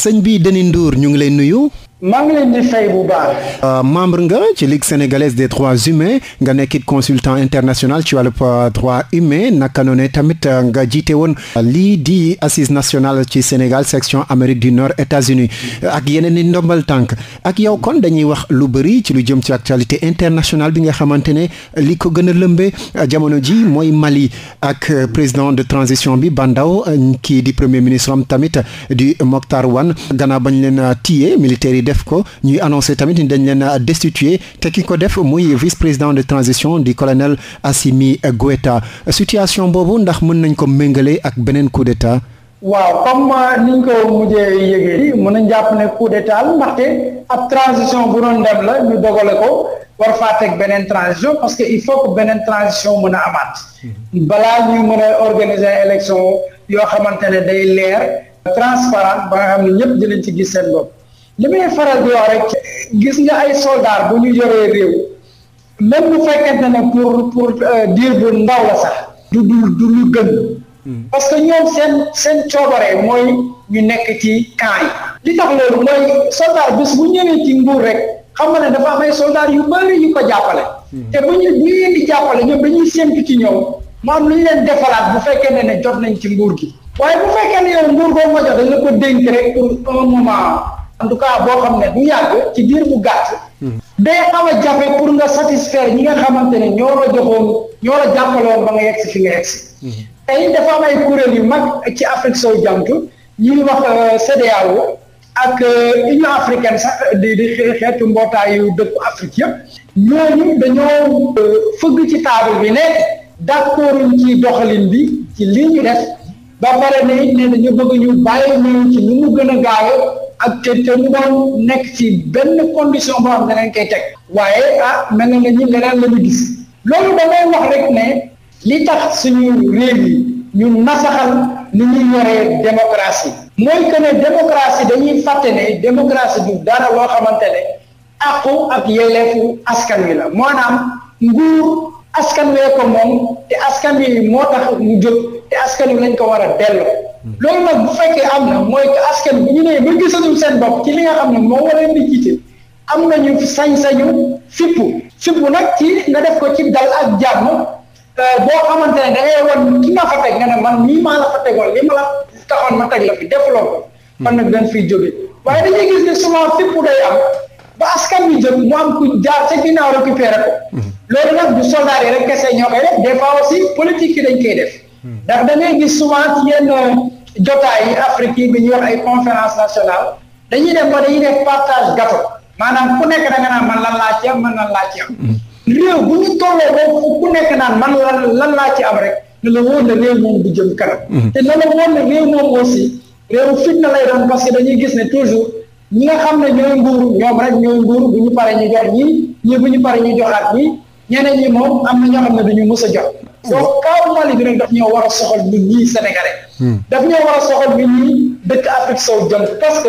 sëñ bii Denis nduur ñu ngi lay nuyu maa ngi leen di fay bu baax. Euh, membre nga ci ligue sénégalaise des droits humains nga nekkit consultant international ci wàllub euh, droit humain naka noonu tamit euh, nga jiite woon lii di assise nationale ci Sénégal section Amérique du Nord États-Unis ak yeneen i ndombal tànk ak yow kon dañuy wax lu bëri ci lu jëm ci actualité internationale bi nga xamante ne li ko gën a lëmbee jamono ji mooy Mali ak président de transition bi Bandaw kii di premier ministre am tamit di Mokhtar Wane gannaaw bañ leen tiye militaire yi def ko ñuy annoncé tamit ni dañ leen a destitué te ki ko def muy vice président de transition du colonel Assimi Goïta situation boobu ndax mën nañ ko méngale ak beneen coup d'état waaw comme euh, niñ ko mujjee yëgee yi mën nañ jàpp ne coup d'état ndaxte ab transition bu doon dem la ñu dogale ko war faa teg beneen transition parce que il faut que beneen transition mën a amaat mm-hmm. balaa ñuy mën a organiser élection yoo xamante ne day leer transparent ba nga xam ne ci gis seen bopp li may faral di wax rek gis nga ay soldat bu ñu yoree réew même bu fekkente ne pour pour euh, diir bu ndaw la sax du du du lu gën hmm. parce que ñoom seen seen coobare mooy ñu nekk ci camp yi tax loolu mooy soldat bis bu ñëwee ci nguur rek xam nga ne dafa am ay soldat yu bëri yu ko jàppale hmm. te bu ñu bu ñu ñuy di jàppale ci ñëw mu am lu ñu leen defaraat bu fekkee ne ne jot nañ ci nguur gi waaye bu fekkee ne yow nguur boo ma jot dañ la ko dénk rek pour un moment en tout cas boo xam ne du yàgg ci diir bu gàtt. day xaw a jafe pour nga satisfaire ñi nga xamante ne ñoo la joxoon ñoo la jàppaloon ba nga yegg si fi nga yegg si. tey dafa am ay kuréel yu mag ci Afrique soowu jant ñuy wax euh, CEDEAO ak euh, Union africaine sax euh, di di xeetu mbootaayu dëkku Afrique yëpp ñooñu dañoo fëgg ci table bi ne d'accorduñ ci doxalin bi ci lii ñu def ba pare ne it ne dañu bëgg ñu bàyyi ñëw ci nu mu gën a gaaw. ak te te mu doon nekk ci benn condition boo xam ne ngeen koy teg waaye ah mel na ñu leneen la ñu gis loolu damay wax rek ne li tax suñu réew yi ñu nasaxal ni ñuy yoree démocratie mooy que démocratie dañuy fàtte ne démocratie du dara loo xamante ne àqu ak yelleefu askan wi la maanaam nguur askan wee ko moom te askan wi moo tax mu jóg te askan wi lañ ko war a delloo loolu nag bu fekkee am na mooy que askan bi ñu ne ba gisatul seen bopp ci li nga xam ne moo war ni di jiite am na nañu sañ-sañu fippu fippu nag ci nga def ko ci dal ak jàmm euh, boo xamante ne da ngay wan ki nga fa teg nga ne man nii maa la fa tegoon li ma taxoon ma teg la fi defuloo hmm. man nag dañ fiy jóge waaye dañuy gis ne souvent am ba askan bi jóg mu am ku jaar ca ginnaaw récupéré ko hmm. loolu nag du soldat yi rek kese ñoo koy def des fois aussi politique yi dañ koy def ndax da ngay gis souvent ci yenn euh, jotaay yi Afrique yi bi ñu wax ay conférence nationale dañuy def ba dañuy def partage gato maanaam ku nekk da nga naan man lan laa ci lan laa ci am mm. réew bu ñu tollee boobu lan laa ci am rek ne la wóor na réew moom du jëm kanam. Mm. te ne la wóor na réew moom aussi réew fitna lay doon parce que dañuy gis ne toujours ñi nga xam ne ñooy nguur ñoom rek ñooy nguur bu ñu paree ñu ñu paree ñu joxaat ñii ñeneen ñi moom am na ñoo xam ne dañu mës a jot. donc kaaw daf ñoo war a soxal ñun ñii Sénégalais. Hmm. daf ñoo war a soxal ñun ñii dëkk Afrique sow jëm parce que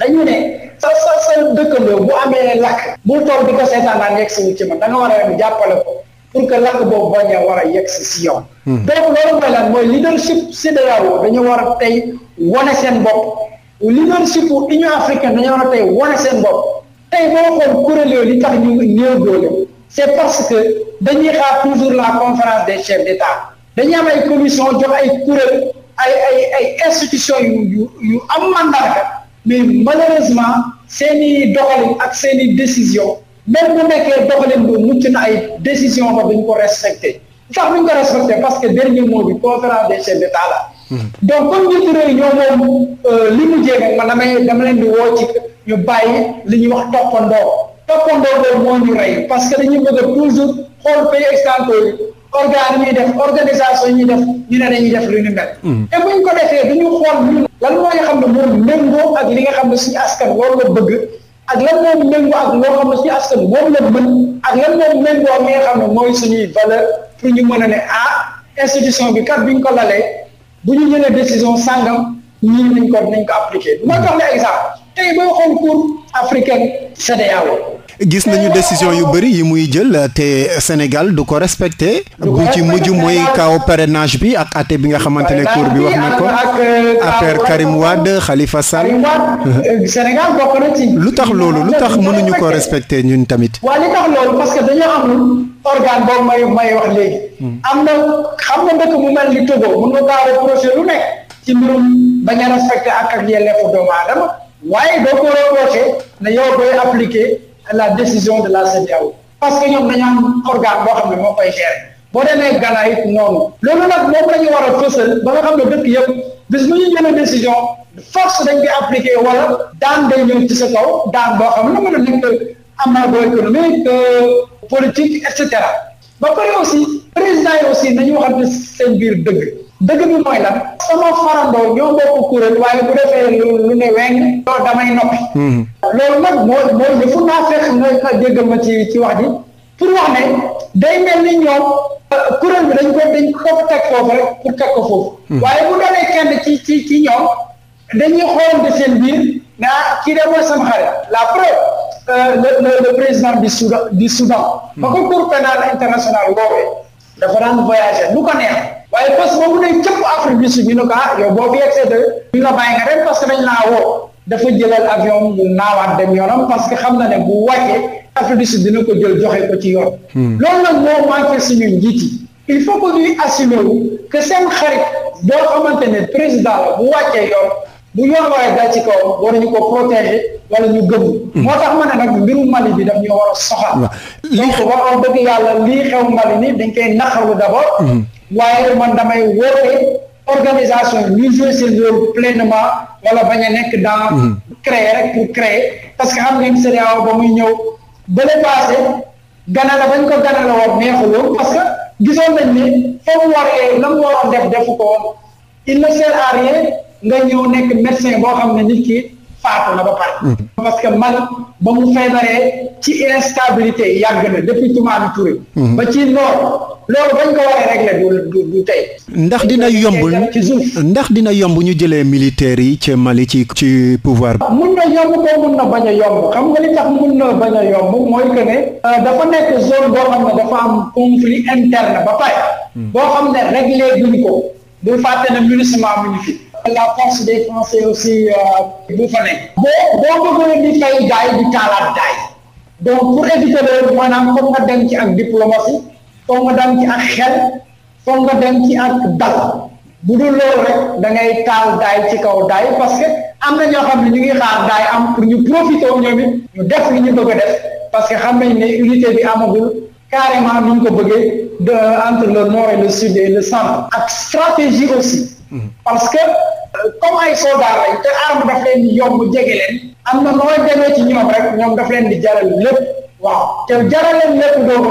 dañu ne sa sa sa dëkkandoo bu amee di ko seetaan daan yegg da nga war a yem jàppale pour que lakk boobu bañ a war a yegg si si yow. Hmm. E e war tey wane seen bopp leadership Union africaine dañu war a tey wane seen bopp tey boo xool kuréel yooyu li tax ñu néew c'est parce que dañuy xaar toujours la conférence des chefs d'État dañuy am ay commission jox ay kuréel ay ay ay institution yu yu yu am mandarga mais malheureusement seeni doxalin ak seeni décision même bu nekkee doxalin bu mucc na ay décision ba ñu ko respecté sax duñ ko respecté parce que dernier mot bi conférence des chefs d'État la hmm. donc comme njiitu réew ñoo moom euh, li mu jéem ma damay dama leen di woo ci ñu bàyyi li ñuy wax toppandoo toppandoo boobu moo ñu rey parce que dañuy bëgg a toujours xool pays extanto yi organe ñuy def organisation ñuy def ñu ne dañuy def lu ñu mel mm. te buñ ko defee duñu xool xam ne moom méngoo li nga xam ne la bëgg ak lan moom méngoo ak loo xam ne suñu askan moom la mën ak lan moom méngoo ak li nga xam ne mooy suñuy valeur pour ñu mën a ne ah institution bi kat biñ ko lalee bu ñu jëlee décision sàngam ñii nañ ko nañ ko appliqué moo tax la exemple tey boo xool cour africaine CEDEAO gis nañu décision yu bari yi muy jël te Sénégal du ko respecté bu ci mujj mooy kaw parrainage bi ak até bi nga xamante ne cour bi wax na ko euh, affaire Karim Wade Khalifa Sall euh, lu tax loolu lu tax mënuñu ko respecté ñun tamit waaw li tax loolu parce que dañoo am organe boobu may may wax léegi hmm. am na xam nga dëkk mu mel ni Togo mun nga gaaw projet lu nekk ci mbirum bañ a ak ak yelleefu doomu aadama waaye doo ko reproché ne yow koy appliquer la décision de la CEDEAO parce que ñoom dañu am organe boo xam ne moo koy gérer boo demee Ghana it noonu loolu nag moom la ñu war a fësal ba nga xam ne dëkk yëpp bis bu ñu jëlee décision force dañ koy appliquer wala daan day ñëw ci sa kaw daan boo xam ne mën a nekk amagro économique euh, politique et cetera ba pare aussi président yi aussi nañu waxante seen biir dëgg. dëgg bi mooy lan sama farandoo ñoo bokk kuréel waaye bu defee lu lu ne weng loolu damay noppi mhm. loolu nag mooy mooy yëfu naa fekk nga jéggal ma ci wax ji pour wax ne day mel ni ñoom euh, kuréel bi dañ ko dañ ko teg foofu rek pour teg ko foofu mhm. waaye bu doonee kenn ci ci ci ñoom dañuy xoolante seen biir ne ah kii de mooy sama xarit la preuve euh, le le président du Soudan du Soudan mhm. ba ko cour pénal international woowee dafa daan voyager lu ko neex waaye bés boobu day cëpp Afrique du Sud ñu ne ko ah yow boo fi yegsee de la bàyyi nga dem parce dañ laa woo dafa jëlal avion mu naawaat dem yoonam parce que xam na ne bu wàccee Afrique du Sud dina ko jël joxe ko ci yoon. Hmm. loolu nag moo manqué suñu njiit yi il faut que ñuy assumer wu seen xarit boo xamante ne président bu wàccee yoon bu yoon waaye dal ci kawam waruñu ko protéger wala ñu gëm. Hmm. moo tax ma ne nag mbiru Mali bi daf ñoo war a soxal. donc waroon dëgg yàlla lii xew Mali nii dañ koy naqarlu d'abord. Hmm. waaye man damay woote organisation ñu jouer seen rôle pleinement wala bañ a nekk dans hmm. créer rek pour créer parce que xam ngeen CEDEAO ba muy ñëw bële passé Ghana la bañ ko Ghana la woon neexuloon parce que gisoon nañ ne foofu waree la mu waroon def defu ko woon il ne sert à nga ñëw nekk médecin boo xam ne nit ki faatu na ba pare. Mm-hmm. parce que man ba mu feebaree ci instabilité yàgg na depuis Toumani Touré. Mm-hmm. ba ci noor loolu bañ ko waree régler du du tey. ndax dina yomb ndax dina yomb ñu jëlee militaires yi ca Mali ci ci pouvoir bi. mun na yomb ko mun na bañ yomb xam nga li tax mun na bañ a yomb mooy que ne. Euh, dafa nekk zone boo xam ne dafa am conflit interne ba pare. Mm-hmm. boo xam ne régler duñ ko. bu fàtte ne munissement mu la force des Français aussi bu fa nekk. di fay gaay di taalaat gaay donc pour éviter loolu ci ak diplomatie foog nga dem ci ak xel foog nga dem ci ak dal bu dul loolu da ngay taal daay ci kaw daay parce que am na ñoo xam ne ñu ngi xaar daay am pour ñu profité ñoom it ñu def li ñu bëgg a def parce que xam nañ ne unité bi amagul carrément ni ñu ko bëggee de entre le nord et le sud et le centre ak stratégie aussi mm-hmm. parce que comme ay soldat lañ te arme daf leen di yomb jege leen am na nooy demee ci ñoom rek ñoom daf leen di jaral lépp waaw te jaral leen lépp doomu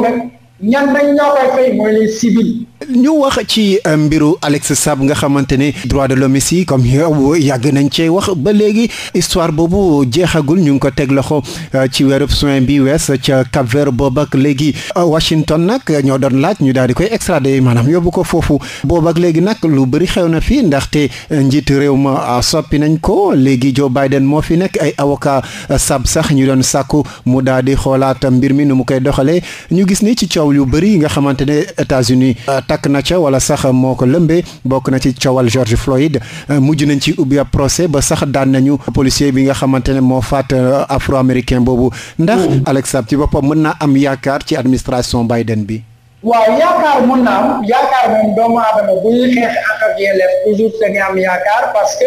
ñan dañ ñoo koy fay mooy les civils ñu wax ci euh, mbiru Alex Sab nga xamante ni droit de l'homme yi comme yow yàgg nañ cee wax ba léegi histoire boobu jeexagul ñu ngi ko teg loxo euh, ci weeru juin bi wees ca Cap Vert boobu léegi euh, Washington nag ñoo doon laaj ñu daal di koy extrader maanaam yóbbu ko foofu boobu léegi nag lu bëri xew na fi ndaxte njiit réew ma soppi nañ ko léegi Joe Biden moo fi nag ay awoka Sab sax ñu doon sàkku mu daal di xoolaat mbir mi nu mu koy doxalee ñu gis ni ci coow yu bëri nga xamante ne États-Unis takk na ca wala sax moo ko lëmbee bokk na ci coowal George Floyd euh, mujj nañ ci ubbi ab procès ba sax daan nañu policier bi nga xamante ne moo faat euh, afro américain boobu ndax mm. Alex Saab ci boppam mën naa am yaakaar ci administration Biden bi waaw yaakaar mun na am yaakaar moom doomu aadama buy xeex ak ak yelleef toujours dañuy am yaakaar parce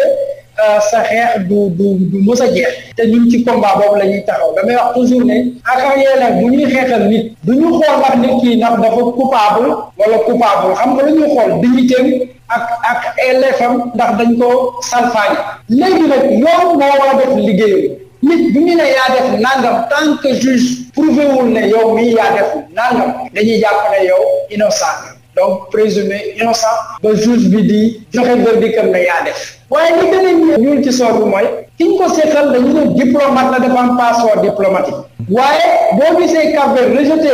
sa xeex du du du mës a jeex te ñun ci combat boobu la ñuy taxaw damay wax toujours ne ak yee nag bu ñuy xeexal nit du ñu xool ndax nit kii ndax dafa coupable wala coupable xam nga la ñuy xool dignitéem ak ak élève ndax dañ ko salfaañ léegi nag yoon moo war a def liggéeyam nit bu ñu ne yaa def nangam tant que juge prouvé wul ne yow mii yaa def nangam dañuy jàpp ne yow innocent donc présumé innocent ba juge bi di joxe verdictam ne yaa def waaye li gën a ñuul ci soobu mooy ki ñu ko seetal dañu ne diplomate la dafa am passeport diplomatique waaye boo gisee Cap Vert rejeté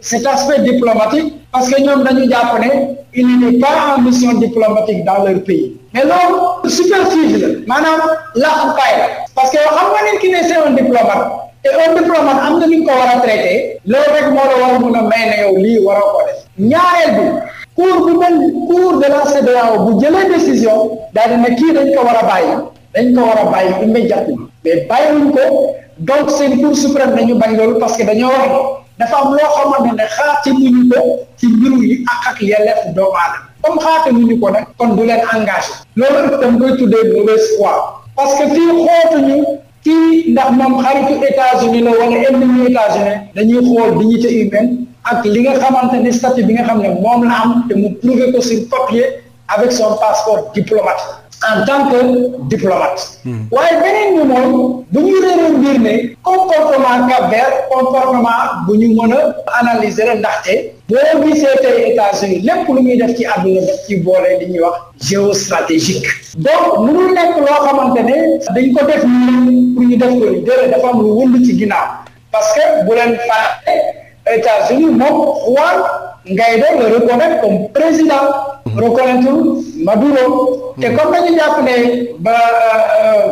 cet aspect diplomatique parce que ñoom dañu jàpp ne il n'est pas en mission diplomatique dans leur pays mais loolu superfuge la maanaam laafukaay la parce que yow nga nit ki ne c'est un diplomate te un diplomate am na ni ñu ko war a traité loolu rek moo la war a mun a may na yow lii waroo ko def ñaareel bi cour bu mel cour de la CEDEAO bu jëlee décision daal di ne kii dañ ko war a bàyyi dañ ko war a bàyyi immédiatement mais bàyyiwuñ ko donc seen cour suprême dañu bañ loolu parce que dañoo wax ne dafa am loo xamante ko ci mbiru yi ak ak yelleef comme aadama comme ñu ko nag kon du leen engagé loolu itam koy tuddee mauvaise foi parce que fii xootuñu kii ndax moom xaritu États-Unis la wala ennemi États-Unis dañuy xool dignité humaine ak li nga xamante ni statut bi nga xam ne moom la am te mu prouver ko sur papier avec son passeport diplomate en tant que diplomate. Hmm. waaye beneen bi moom bu ñu réeree mbir ne comportement Cap-Vert comportement bu ñu mën a analyser la ndaxte boo gisee tey États-Unis lépp lu muy def ci àdduna ci boole li ñuy wax géostratégique. donc mënul nekk loo xamante ne dañ ko def nii ñu def ko déedéet dafa am lu ci ginnaaw parce que bu leen États-Unis moom Juan Guaidó le reconnaître comme président. Mhm. reconnaître Maduro. Mhm. te comme dañu jàpp ne ba euh,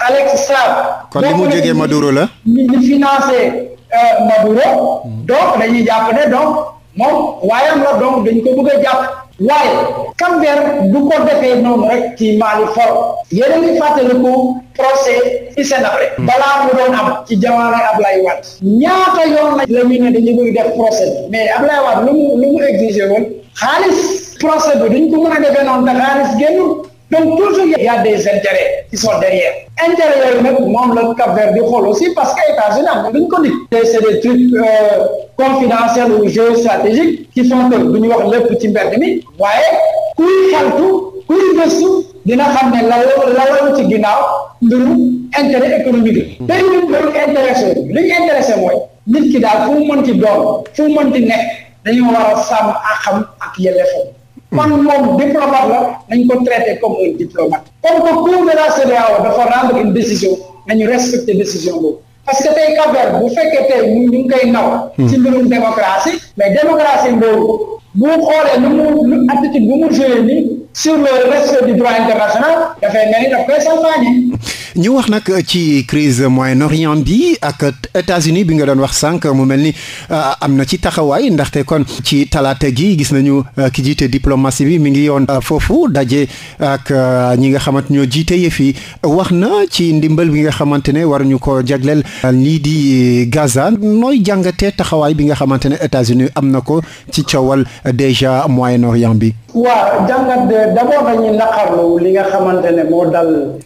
Alex Sarr. kon li mu jógee Maduro la. ñu financé euh, Maduro. Mhm. donc dañuy jàpp ne donc moom waayam la donc dañ ko bëgg a jàpp. waaye Cap-Vert du ko defee noonu rek ci Mali for yéen a ngi fàttaliku procès ci seen après hmm. balaa mu doon am ci jamono Ablaye Wade ñaata yoon la la ñu ne dañu bëgg def procès mais Ablaye Wade lu mu lu mu exigé woon xaalis procès bi duñ ko mën a defee noonu te xaalis génnul donc toujours y a des intérêts qui sont derrière intérêt yooyu nag moom la Cap-Vert di xool aussi parce que États-Unis am na ko nit c'est des trucs euh, confidentiel ou géostratégique qui sont que bu ñu wax lépp ci mbedd mi waaye kuy xeltu kuy gëstu dina xam ne la la ci ginnaaw mbirum intérêt économique la. tey ñun loolu intéressé li ñu intéressé mooy nit ki daal fu mu mënti doon fu mu mënti nekk dañoo war a sàmm ak xam ak yelleefam. kon moom diplomate la nañ ko traité comme un diplomate. comme que cour de la CEDEAO dafa rendre une décision nañu respecter décision boobu. parce que te Cap-Vert bu fekkee tey ñu koy naw. Hmm. ci mbirum démocratie mais démocratie boobu bu xoolee nu mu nu attitude mu joué sur le respect du droit international dafay mel ni daf koy salfaañe ñu wax nag euh, ci crise Moyen-Orient bi ak États-Unis bi nga doon wax sànq mu mel ni euh, am na ci taxawaay ndaxte kon ci talaata gi gis nañu euh, ki jiite diplomatie bi mi ngi yoon foofu daje ak ñi nga xamante ñoo jiite yëf wax na ci ndimbal bi nga xamante ne war ñu ko jagleel lii di Gaza nooy jàngatee taxawaay bi nga xamante ne états am na ko ci coowal déjà Moyen-Orient bi.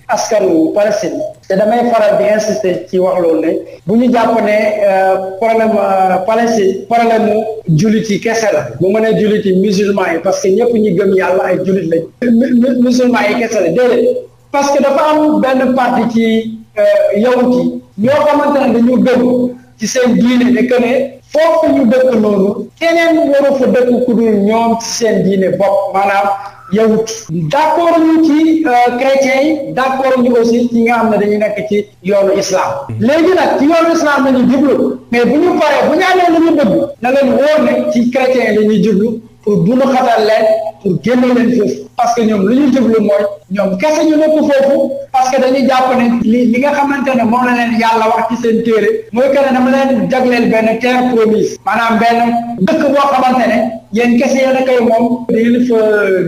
askan wu Palestine te damay faral di insister ci wax loolu ne bu ñu jàpp ne euh, problème euh, Palestine problème mu jullit yi kese la bu ma nee jullit yi musulman yi parce que ñëpp ñi gëm yàlla ay jullit lañ musulman yi kese la déedéet parce que dafa am benn parti ci euh, yawut yi ñoo xamante ne dañu gëm ci seen diine ne que ne foofu ñu dëkk noonu keneen waru fa dëkk ku dul ñoom ci seen diine bopp maanaam. yawut d'accord ñu ci euh, chrétiens yi d'accord ñu aussi ci nga xam ne dañu nekk ci yoonu islam hmm. léegi nag ci yoonu islam la ñu jublu mais bu ñu paree bu ñu amee lu ñu na leen wóor ci chrétiens yi la ñuy jublu pour bunu xatal leen pour génne leen foofu parce que ñoom lu ñu jublu mooy ñoom kese ñu nekk foofu parce que dañu jàpp ne li ñi nga xamante ne moom la leen yàlla wax ci seen téere mooy que ne dama leen jagleel benn terre promise maanaam benn dëkk boo xamante ne yéen kese yéen a moom di ngeen fa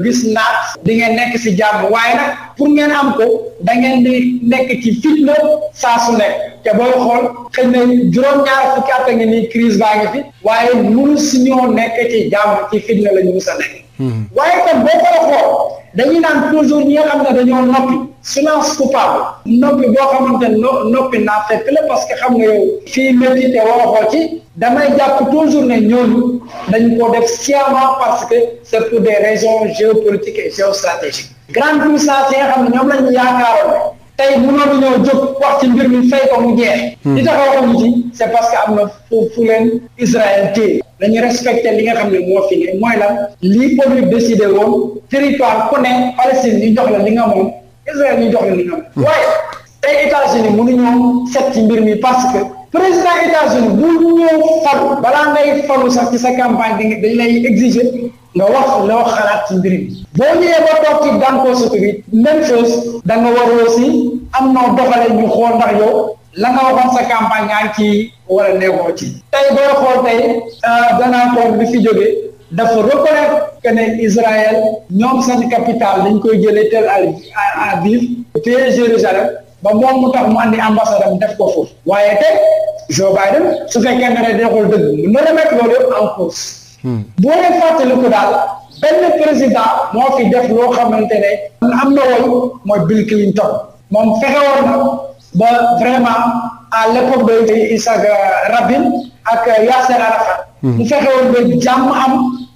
gis naat di ngeen nekk si jàmm waaye nag pour ngeen am ko da ngeen di nekk ci fitna saa su nekk te booy xool xëy na juróom-ñaar fukki at a nii crise baa ngi fi waaye mënu si ñoo nekk ci jàmm ci fitna la ñu mus nekk hmm. waaye kon boo ko xool dañuy naan toujours ñi nga xam ne dañoo noppi silence coupable noppi boo xamante ne noppi naa fekk la parce que xam nga yow fii métti te waxoo ci damay jàpp toujours ne ñooñu dañ ko def sciemment parce que c'est pour des raisons géopolitiques et géostratégiques grande puissance yi nga xam ne ñoom la ñu yaakaaroon tey mënoon ñoo jóg wax ci mbir mi fay ko mu jeex. Hmm. li tax waxuñu ci c'est parce que am na fu fu leen Israël téye dañu respecté li nga xam ne moo fi ne mooy lan lii ONU décidé woon territoire ku ne Palestine ñu jox la li nga moom Israël ñu jox la li nga moom. Hmm. waaye tey États-Unis mënuñoo set ci mbir mi parce que président États-Unis bu ñëw falu balaa ngay falu sax ci sa campagne dañ lay exiger. nga wax nga wax xalaat ci mbir mi boo ñëwee ba toog ci gànkoo sutu bi même chose da nga war aussi am noo doxale ñu xool ndax yow la nga waxoon sa campagne ñaan ci wala neexoo ci tey booy xool tey danaa euh, koor bi fi jóge dafa reconnaître que ne Israël ñoom seen capitale dañ koy jëlee Tel Aviv te Jérusalem ba moom mu tax mu andi ambassade am def ko foofu waaye te Joe Biden su fekkee ne neexul dëgg mën na remettre loolu yëpp en cause boo leen fàttaliku daal benn président moo fi def loo xamante ne am na woy mooy Bill Clinton moom fexe woon na ba vraiment à l'époque de Isaac Rabin ak Yasser Arafat hmm. mu fexe woon ba jàmm am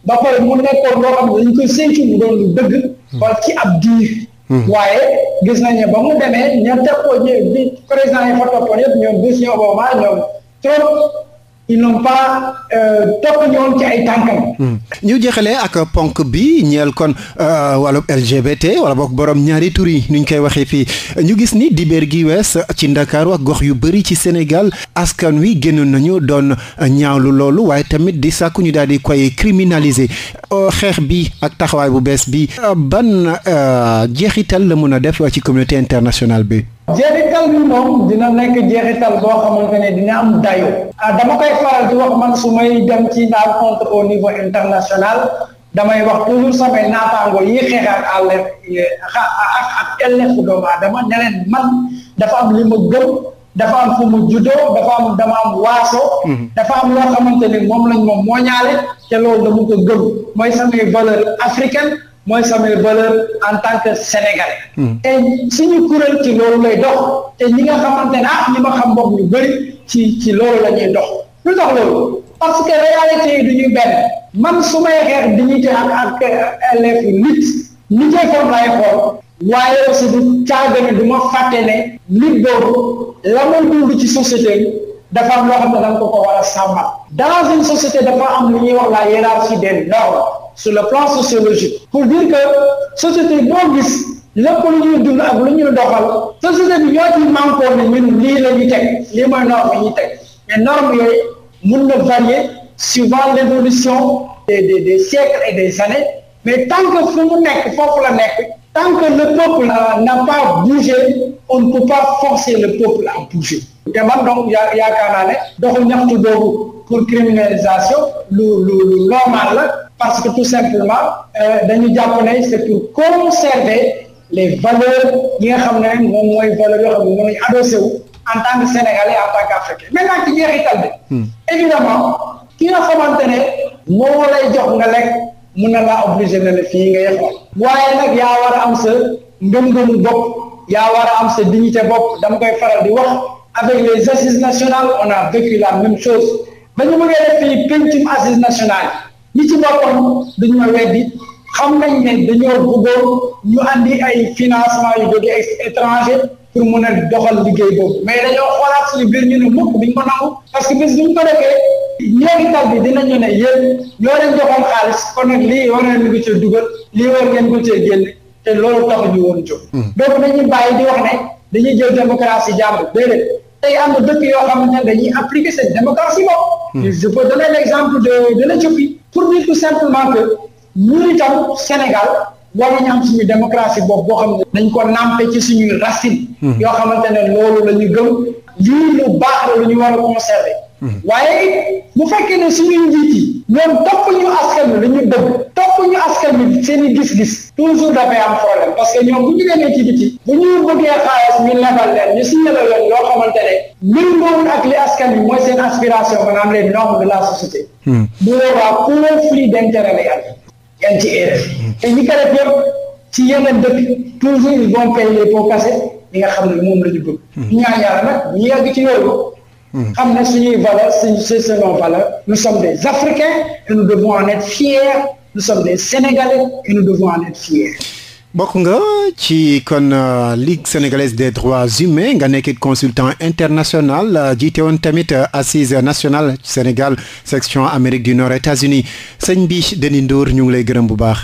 ba pare mu nekkoon loo xam ne dañu koy séntu mu doon lu dëgg hmm. wala ci ab diir hmm. waaye gis nañu ba mu demee ña teg ko ñë bi président yi fa toppoon yëpp ñoom Bush ñoom ñoom Trump ils n'ont pas euh, topp ñoom ci hmm. ñu jeexalee ak ponk bi ñeel kon euh, wàllu LGBT wala boog borom ñaari tur yi nuñ koy waxee fii ñu gis ni dibéer gi wees ci Ndakaaru ak gox yu bëri ci Sénégal askan wi génn nañu doon ñaawlu loolu waaye tamit di sàkku ñu daal di koy criminaliser euh, xeex bi ak taxawaay bu bees bi ban jeexital la mun a def ci communauté internationale bi. jeexital bi moom dina nekk jeexital boo xamante ne dina am dayo ah, dama koy faral di wax man su may dem ci la rencontre au niveau international damay wax toujours samay naataango yi xeex ak àll ak elleefu doomu dama ne leen man dafa am li ma gëm dafa am fu mu juddoo dafa am dama am waaso mhm. dafa am loo xamante ne moom lañ moom mooñaale te lool dama ko gëm mooy samay valeur africaine mooy samay valeur en tant que sénégalais. Hmm. te suñu kuréel ci loolu lay dox te ñi nga xamante ne ah ñi ma xam bopp ñu bëri ci ci loolu la ñuy dox lu dox loolu parce que réalité yi du ñu benn man su may di dignité ak ak élèves yi nit ñi koy xool laay xool. waaye aussi du caagane du ma fàtte ne nit boobu la mu dund ci société dafa am loo xam ne da ko ko war a sàmmal dans une société dafa am lu ñuy wax la hiérarchie des normes sur le plan sociologique pour dire que société boo gis lépp lu ñuy dund lu ñuy doxal société bi ñoo ci manqué ne ñun lii la ñu teg lii mooy norme yi ñu teg mais normes yooyu mun na varier suivant l'évolution des des des siècles et des années mais tant que fu mu nekk la nekk tant que le peuple euh, n'a pas bougé on ne peut pas forcer le peuple à bouger te man yaa yaakaar naa ne doxu ñaxtu boobu pour criminalisation lu lu lu normal la parce que tout simplement euh, dañu jàpp ne c'est pour conserver les nga xam ne moom mooy valeurs yoo xam ne moom lañu ci hmm. nga xamante ne moo lay jox nga lekk mun na laa obligé na ne fii nga yegg waaye nag yaa war a am sa ngëm-ngëm bopp yaa war a am sa dignité bopp dama koy faral di wax. avec les assises nationales on a vécu la même chose ba ñu ma def fii pencum assises nationales ñi ci boppam dañoo weddi xam nañ ne dañoo bëggoon ñu andi ay financement yu jóge étranger pour mën a doxal liggéey boobu mais dañoo xoolaat suñu biir ñu ne mukk bi ko nangu parce que bis bu ñu ko defee ñeegital bi dinañu ne yéen ñoo leen joxoon xaalis kon nag lii war ngeen ko cee dugal lii war ngeen ko cee génne te loolu taxu ñu woon jóg hmm. donc dañuy bàyyi di wax ne dañuy tey am na dëkk yoo xam ne dañuy appliquer cette démocratie moom. Hmm. je peux donner exemple de de l' Éthiopie pour dire tout simplement que ñun itam Sénégal war nañu am suñu démocratie boobu boo xam ne dañ ko nampé ci suñuy racine hmm. yoo xamante ne loolu la ñu gëm lii lu baax la lu ñu war a conserver. waaye bu fekkee ne suñuy njiit yi ñoom topp ñu askan wi dañu bëgg topp ñu askan wi seen i gis-gis toujours dafay am problème parce que ñoom bu ñu génnee ci biti bu ñu bëggee xaalis ñu lebal leen ñu signalé leen loo xamante ne méngoowul ak li askan wi mooy seen aspiration de la hmm. ci erreur hmm. te ñi ko def yëpp ci nga xam ne moom la ñu bëgg ñu ñaan yàlla nag ñu yàgg ci yooyu xam ne suñuy des Africains et nous devons en être fiers nous sommes des Sénégalais et nous devons en être fiers bokk nga ci kon euh, Ligue sénégalaise des droits humains nga nekkit consultant international euh, jiite woon tamit euh, assise nationale Sénégal section Amérique du Nord États-Unis sëñ bi Denis Ndour ñu ngi lay gërëm bu baax